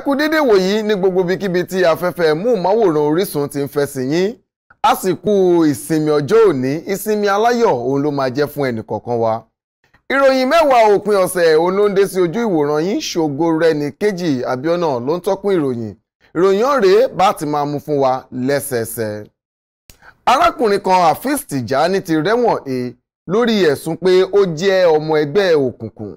ẹkú dédé wòyí ní gbogbo ibikíbi tí afẹ́fẹ́ múùmáwòrán Orísun ti ń fẹ́ sí yín àsìkò ìsinmi ọjọ́ òní ìsinmi aláyọ̀ òun ló máa jẹ́ fún ẹnì kọ̀ọ̀kan wa. ìròyìn mẹ́wàá òpin ọ̀sẹ̀ òun ló ń dé sí ojú ìwòran yín ṣògo rẹni kejì Abíọ́nà ló ń tọ́kùn ìròyìn ìròyìn ọ̀rẹ́ bá ti máa mú fún wa lẹ́sẹẹsẹ. arákùnrin kan Afeez Tijani ti rẹ́wọ̀n he lórí ẹ̀sùn pé ó jẹ́ ọmọ ẹgbẹ́ òkùnkùn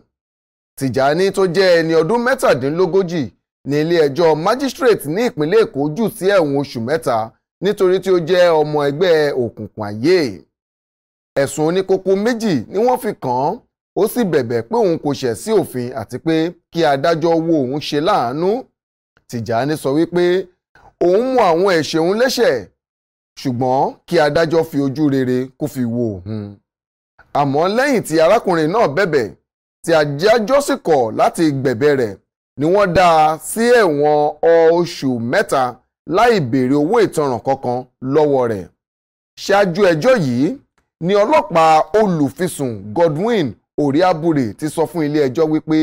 Tijani tó jẹ́ ẹni ọdún mẹ́tàdínlógójì ní ilé-ẹjọ́ magistrate ní ìpínlẹ̀ Èkó jù sí ẹ̀wọ̀n oṣù mẹ́ta nítorí tí ó jẹ́ ọmọ ẹgbẹ́ òkùnkùn ayé ẹ̀sùn oníkókó méjì ni wọ́n fi kàn án ó sì bẹ̀bẹ̀ pé òun kò ṣẹ̀ sí òfin àti pé kí adájọ́ wo òun ṣe láàánú Tìjàní sọ wípé òun mú àwọn ẹ̀ṣẹ̀ òun lẹ́ṣẹ̀ ṣùgbọ́n kí adájọ́ fi ojú rere kó fi wo òun àmọ́ lẹ́yìn tí arákùnrin náà bẹ̀bẹ̀ tí adájọ́ sì kọ̀ láti gbẹ̀bẹ̀ rẹ̀ ni wọ́n dá a sí ẹ̀wọ̀n oṣù mẹ́ta láì béèrè owó ìtanràn kankan lọ́wọ́ rẹ̀. ṣáájú ẹjọ́ yìí ni ọlọ́pàá olùfisùn Godwin Oriabure ti sọ fún ilé-ẹjọ́ wípé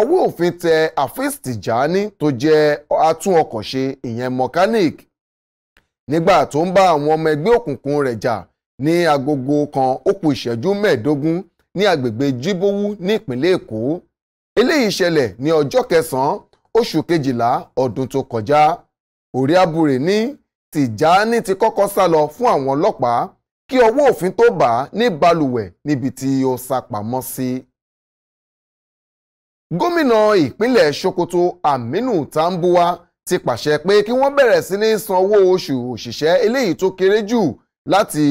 ọwọ́ òfin tẹ Afeez Tijani tó jẹ́ atún ọkọ̀ ṣe ìyẹn mechanic nígbà tó ń bá àwọn ọmọ ẹgbẹ́ òkùnkùn rẹ̀ jà ní agogo kan ó kù ìṣẹ́jú mẹ́ẹ̀ẹ́dógún ní agbègbè Jíbówú ní ìpínlẹ̀ Èkó eléyìí ṣẹlẹ̀ ní ọjọ́ kẹsàn-án oṣù kejìlá ọdún tó kọjá orí abure ní Tìjání ti kọ́kọ́ sá lọ fún àwọn ọlọ́pàá kí ọwọ́ òfin tó bà á ní balùwẹ̀ níbi tí ó sá pamọ́ sí. gómìnà ìpínlẹ̀ Sokoto Aminu Tambuwa ti pàṣẹ pé kí wọ́n bẹ̀rẹ̀ sí ní san owó oṣù òṣìṣẹ́ eléyìí tó kéré jù láti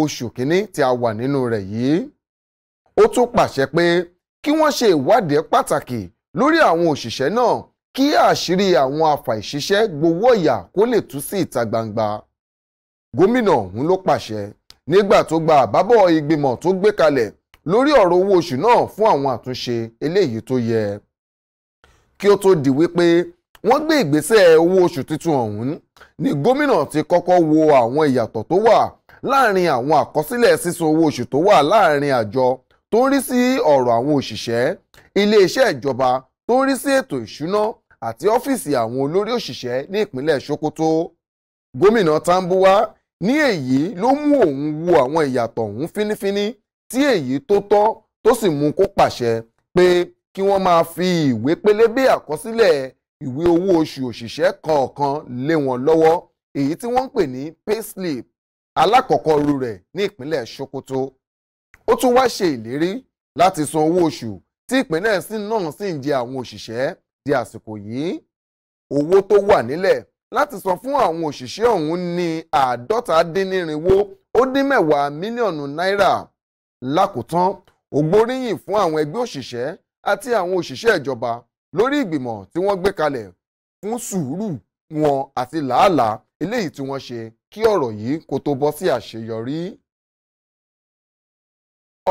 oṣù kínní tí a wà nínú rẹ̀ yìí. ó tún pàṣẹ pé kí wọ́n ṣe ìwádìí pàtàkì lórí àwọn òṣìṣẹ́ náà kí àṣírí àwọn afàìṣiṣẹ́ gbowó ìyà kó lè tú sí ìta gbangba. gómìnà ọ̀hún ló pàṣẹ nígbà tó gba àbábọ̀ ìgbìmọ̀ tó gbé kalẹ̀ lórí ọ̀rọ̀ owó oṣù náà fún àwọn àtúnṣe eléyìí tó yẹ. kí ó tó di wípé wọ́n gbé ìgbésẹ̀ owó oṣù tuntun ọ̀hún ni gómìnà ti kọ́kọ́ wo àwọn ìyàtọ̀ tó wà láàrin àwọn àkọsílẹ̀ sísan owó oṣù tó wà láàrin àjọ tó ń rí sí ọ̀rọ̀ àwọn òṣìṣẹ́ iléeṣẹ́ ìjọba tó ń rí sí ètò ìṣúná àti ọ́fíìsì àwọn olórí òṣìṣẹ́ ní ìpínlẹ̀ Sokoto gómìnà Tambuwa ní èyí ló mú òun wo àwọn ìyàtọ̀ ọ̀hún fínífíní tí èyí tó tọ́ tó sì mú kó pàṣẹ pé kí wọ́n máa fi ìwé pélébé àkọsílẹ̀ ìwé owó oṣù òṣìṣẹ́ kọ̀ọ̀kan lé wọn lọ́wọ́ èyí tí wọ́n ń pè ní payslip alákọ̀ọ́kọ́ ru rẹ̀ ní ìpínlẹ̀ Sokoto ó tún wá ṣe ìlérí láti san owó oṣù tí ìpínlẹ̀ náà sì ń jẹ àwọn òṣìṣẹ́ di àsìkò yìí owó tó wà nílẹ̀ láti san fún àwọn òṣìṣẹ́ ọ̀hún ní àádọ́ta dín nírinwó ó dín mẹ́wàá mílíọ̀nù náírà lákòótán ó gbóríyìn fún àwọn ẹgbẹ́ òṣìṣẹ́ àti àwọn òṣìṣẹ́ ìjọba lórí ìgbìmọ̀ tí wọ́n gbé kalẹ̀ fún sùúrù wọn àti làálàá eléyìí tí wọ́n ṣe kí ọ̀rọ̀ yìí kó tó bọ́ sí àṣeyọrí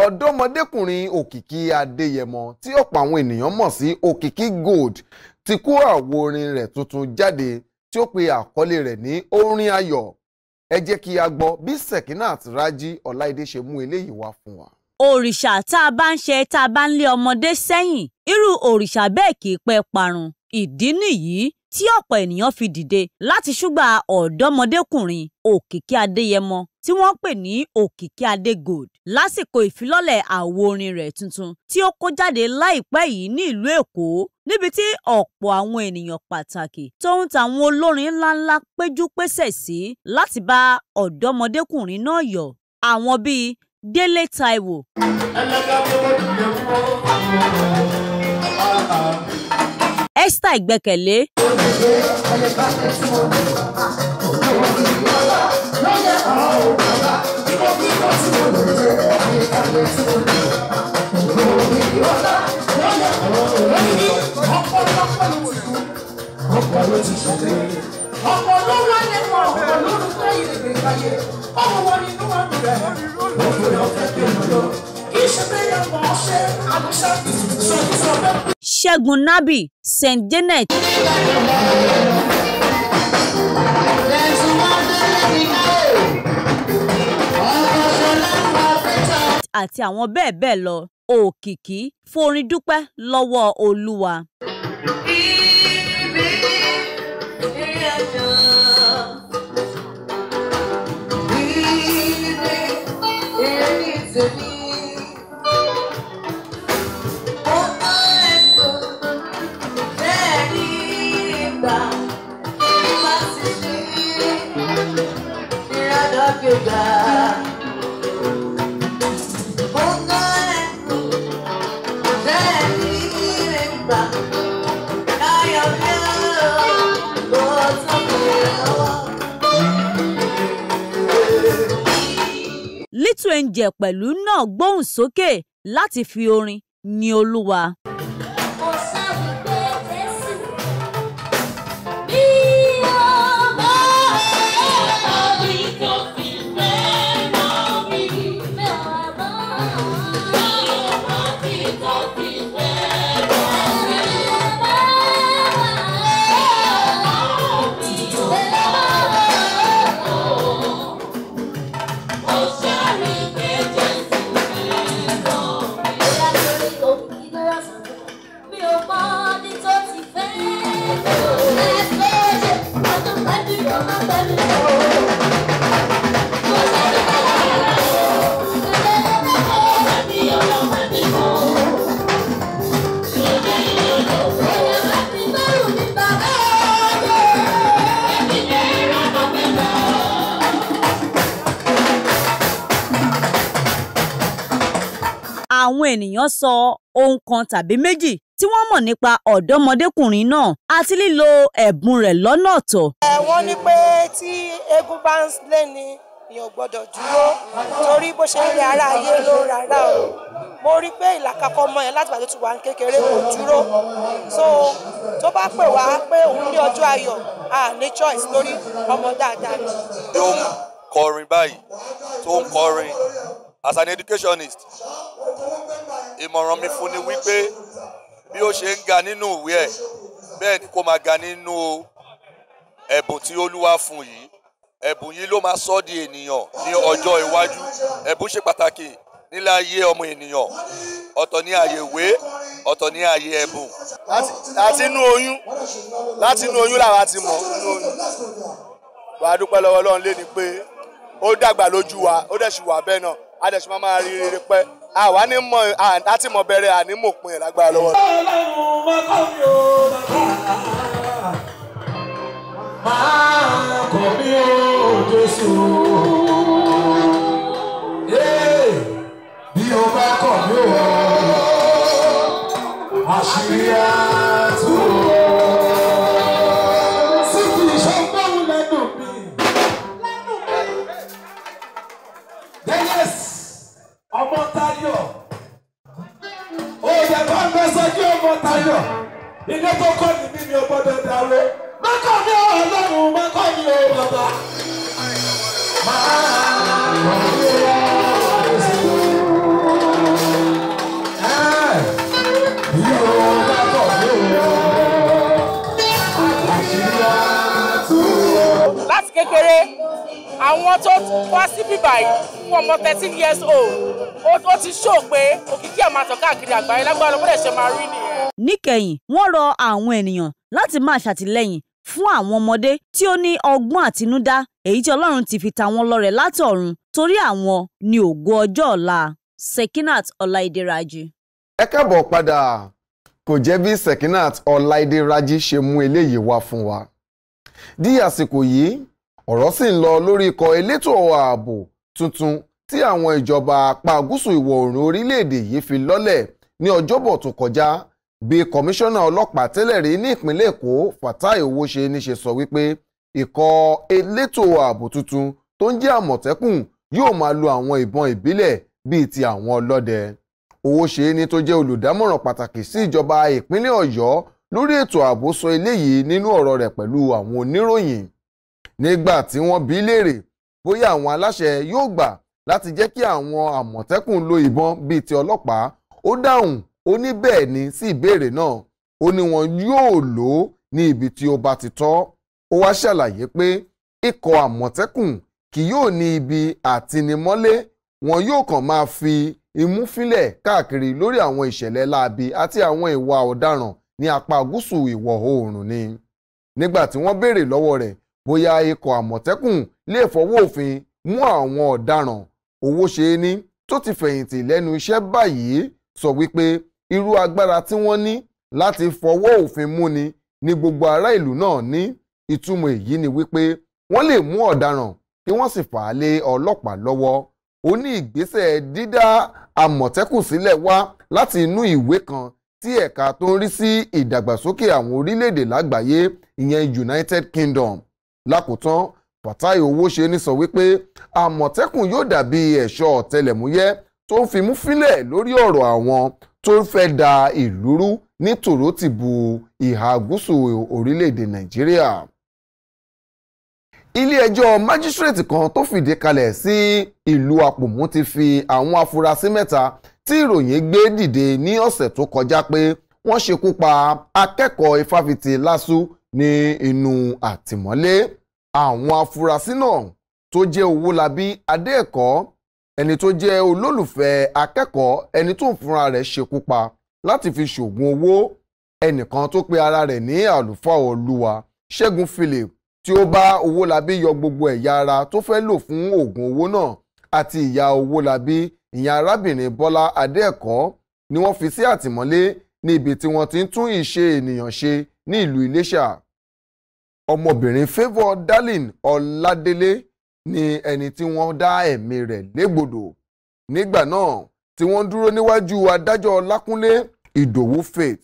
ọ̀dọ́mọdékùnrin òkìkí adéyẹmọ tí ọ̀pọ̀ àwọn ènìyàn mọ̀ sí òkìkí gold ti kó àwo orin rẹ̀ tuntun jáde tí ó pe àkọlé rẹ̀ ní orin ayọ̀ ẹ jẹ́ kí a gbọ́ bí sekinat raji ọláìdé ṣe mú eléyìí wá fún wa. òrìṣà tá a bá ń ṣe tá a bá ń lé ọmọdé sẹ́yìn irú òrìṣà bẹ́ẹ̀ kì í pẹ́ parun ìdí nìyí tí ọ̀pọ̀ ènìyàn fi dìde láti ṣúgbà ọ̀dọ́mọdékùnrin òkìkí adéyẹmọ tí wọ́n pè ní òkìkí adé gold lásìkò ìfilọ́lẹ̀ àwo orin rẹ̀ tuntun tí ó kó jáde láìpẹ́ yìí ní ìlú èkó níbi tí ọ̀pọ̀ àwọn ènìyàn pàtàkì tóun tàwọn olórin ńláńlá péjú pésẹ̀ sí láti bá ọ̀dọ́mọdékùnrin náà yọ̀ àwọn bíi délé táíwò. ẹlẹ́gbẹ́ tó wọ́n ti àwọn ọ̀rọ̀ ọ̀rọ̀ Esther Ìgbẹ́kẹ̀lé. ọ̀pọ̀ ló ṣẹ́gun nabi st janet. àti àwọn bẹ́ẹ̀ bẹ́ẹ̀ lọ òkìkí forin dúpẹ́ lọ́wọ́ olúwa. Ranger pẹ̀lú náà gbóhùn sókè láti fi orin yin Olúwa. àwọn ènìyàn sọ ohun kan tàbí méjì tí wọ́n mọ̀ nípa ọ̀dọ́mọdékùnrin náà àti lílo ẹ̀bùn rẹ̀ lọ́nà ọ̀tọ̀. ẹ wọ́n ní pé tí eégún bá ń lé ni èèyàn gbọ́dọ̀ dúró torí bó ṣe ń lé ara ayé ló rárá o mo rí pé ìlàkàkọ ọmọ yẹn láti bàtó ti wà ní kékeré kò dúró so tó bá pè wá pé òun ní ọjọ́ ayọ̀ a ní choice lórí ọmọ dáadáa yóò kọrin báyìí tó ń kọrin as an educationist ìmọ̀ràn mi fún ni wípé bí ó ṣe ń ga nínú ìwé ẹ̀ bẹ́ẹ̀ ni kó máa ga nínú ẹ̀bùn tí olúwa fún yìí ẹ̀bùn yìí ló máa sọ́ di ènìyàn ní ọjọ́ iwájú ẹ̀bùn ṣe pàtàkì nílé ayé ọmọ ènìyàn ọ̀tọ̀ ní ààyè ìwé ọ̀tọ̀ ní ààyè ẹ̀bùn. láti inú oyún láti inú oyún làwa ti mọ̀ inú oyún wàá dúpẹ́ lọ́wọ́ Ọlọ́run lé ni pé ó dàgbà lójú wa ó dẹ̀ sì wà bẹ́ẹ̀ náà adẹ̀sùn máa máa rí rere pẹ́ àwa ní mọ àti mọ bẹ̀rẹ̀ àní mò pin ẹ̀ lọ́wọ́. Yes. Tayọ̀ ilé tó kọ́ ni mí mi ò gbọ́dọ̀ dáwó mọ́kọ́ mi ò ọlọ́run mọ́kọ́ mi ò bàbá. láti kékeré àwọn tó wá síbí báyìí fún ọmọ thirteen years old ó ti ṣó pé òkìkí àmàtọ̀ káàkiri àgbáyé lágbára ló ṣe máa rí nìyẹn níkẹyìn wọ́n rọ àwọn ènìyàn láti máa ṣàtìlẹ́yìn fún àwọn ọmọdé tí ó ní ọgbọ́n àtinúdá èyí tí Ọlọ́run ti fi ta wọ́n lọ́rẹ látọ̀run torí àwọn ni ògo ọjọ́ ọ̀la Sekinat Ọláìdé Rájí. ẹ káàbọ̀ padà kò jẹ́ bí Sekinat Ọláìdé Rájí ṣe mú eléyìí wá fún wa. di àsìkò yìí ọ̀rọ̀ sì ń lọ lórí ikọ̀ elétò ààbò tuntun tí àwọn ìjọba apá gúúsù ìwọ̀ oòrùn orílẹ̀-èdè yìí fi lọ́lẹ̀ ní ọjọ́bọ̀ tó kọjá bí kọmíṣánná ọlọ́pàá tẹ́lẹ̀ rí ní ìpínlẹ̀ èkó fatai owóṣe níṣe sọ wípé ikọ̀ elétò ààbò tuntun tó ń jẹ́ àmọ̀tẹ́kùn yóò máa lo àwọn ìbọn ìbílẹ̀ bíi ti àwọn ọlọ́dẹ owóṣe ni tó jẹ́ olùdámọ̀ràn pàtàkì sí ìjọba ìpínlẹ̀ ọ̀yọ́ lórí ètò ààbò sọ eléyìí nínú ọ̀rọ̀ rẹ̀ pẹ̀lú àwọn oníròyìn nígbà tí wọ́n bí léèrè bóyá àwọn aláṣẹ yóò gbà láti jẹ́ kí àwọn àmọ̀tẹ́kùn lo ìbọn bíi ti ọlọ́pàá ó dáhùn ó ní bẹ́ẹ̀ ni sí ìbéèrè náà ó ní wọn yóò lò ó ní ibi tí ó bá ti tọ́ ó wá ṣàlàyé pé ikọ̀ àmọ̀tẹ́kùn kì yóò ní ibi àtinimọ́lé wọn yóò kàn máa fi imú káàkiri lórí àwọn ìṣẹ̀lẹ̀ láabi àti àwọn ìwà ọ̀daràn ní apá gúúsù ìwọ̀ oòrùn ni nígbà tí wọ́n béèrè lọ́wọ́ rẹ̀ bóyá ikọ̀ àmọ̀tẹ́kùn lè fọwọ́ òfin mú àwọn ọ̀daràn owó ṣe é ní tó ti fẹ̀yìntì lẹ́nu iṣẹ́ báyìí sọ wípé irú agbára tí wọ́n ní láti fọwọ́ òfin múni ní gbogbo ará ìlú náà ní ìtumọ̀ èyí ni wípé wọ́n lè mú ọ̀daràn kí wọ́n sì fà á lé ọlọ́pàá lọ́wọ́ ó ní ìgbésẹ̀ dídá àmọ̀tẹ́kùn sílẹ̀ wá láti inú ìwé kan tí ẹ̀ka tó ń rí sí ìdàgbàsókè àwọn orílẹ̀-èdè lágbàáyé ìyẹn United Kingdom lákòótán Fatai Owóṣeni sọ wípé àmọ̀tẹ́kùn yóò dàbí ẹ̀ṣọ́ ọ̀tẹlẹ̀múyẹ́ tó ń fimú fínlẹ̀ lórí ọ̀rọ̀ àwọn tó fẹ́ da ìlú rú ní tòró ti bu ìhà gúúsù orílẹ̀-èdè nàìjíríà. ilé-ẹjọ́ májísírèètì kan tó fìdí kalẹ̀ sí ìlú àpòmù ti fi àwọn afurasí mẹ́ta tí ìròyìn gbé dìde ní ọ̀sẹ̀ tó kọjá pé wọ́n ṣekú pa akẹ́kọ̀ọ́ ifáfitì lásù ní inú àtìmọ́lé àwọn afurasí náà tó jẹ́ Owólabí Adéẹ̀kọ́ ẹni tó jẹ́ olólùfẹ́ akẹ́kọ̀ọ́ ẹni tó ń fúnra rẹ̀ ṣekú pa láti fi ṣògùn owó ẹnìkan tó pe ara rẹ̀ ní àlùfáà olúwa ṣẹ́gun philip tí ó bá owólabí yọ gbogbo ẹ̀yà ara tó fẹ́ lò fún oògùn owó náà àti ìyá owólabí ìyẹn arábìnrin bọ́lá adéẹ̀kọ́ ni wọ́n fi sí àtìmọ́lé ní ibi tí wọ́n ti ń tún ìṣe ènìyàn ṣe ní ìlú iléṣà ọmọbìnrin favour darlene ọládélé ni ẹni tí wọ́n dá ẹ̀mí rẹ̀ légbodò nígbà náà tí wọ́n dúró níwájú adájọ́ Lákúnlé Ìdòwú Faith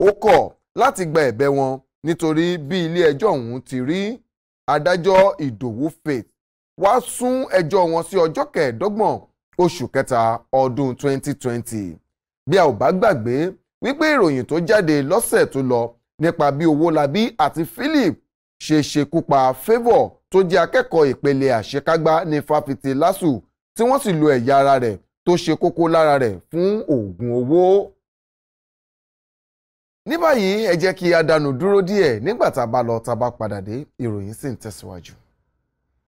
ó kọ̀ láti gba ẹ̀bẹ̀ wọn nítorí bí ilé ẹjọ́ ọ̀hún ti rí adájọ́ Ìdòwú Faith wá sún ẹjọ́ wọn sí ọjọ́ kẹẹ̀ẹ́dọ́gbọ̀n oṣù kẹta ọdún 2020 bí a ò bá gbàgbé wípé ìròyìn tó jáde lọ́sẹ̀ tó lọ nípa bí Owólabí àti Philip ṣe ṣekú pa Favour tó jẹ́ akẹ́kọ̀ọ́ ìpele àṣekágbá ní fáfitì LASU tí wọ́n sì lo ẹ̀yà ara rẹ̀ tó ṣe kókó lára rẹ̀ fún oògùn owó. ní báyìí ẹ jẹ́ kí a dánu dúró díẹ̀ nígbà tá a bá lọ tá a bá padà dé ìròyìn sì ń tẹ̀síwájú.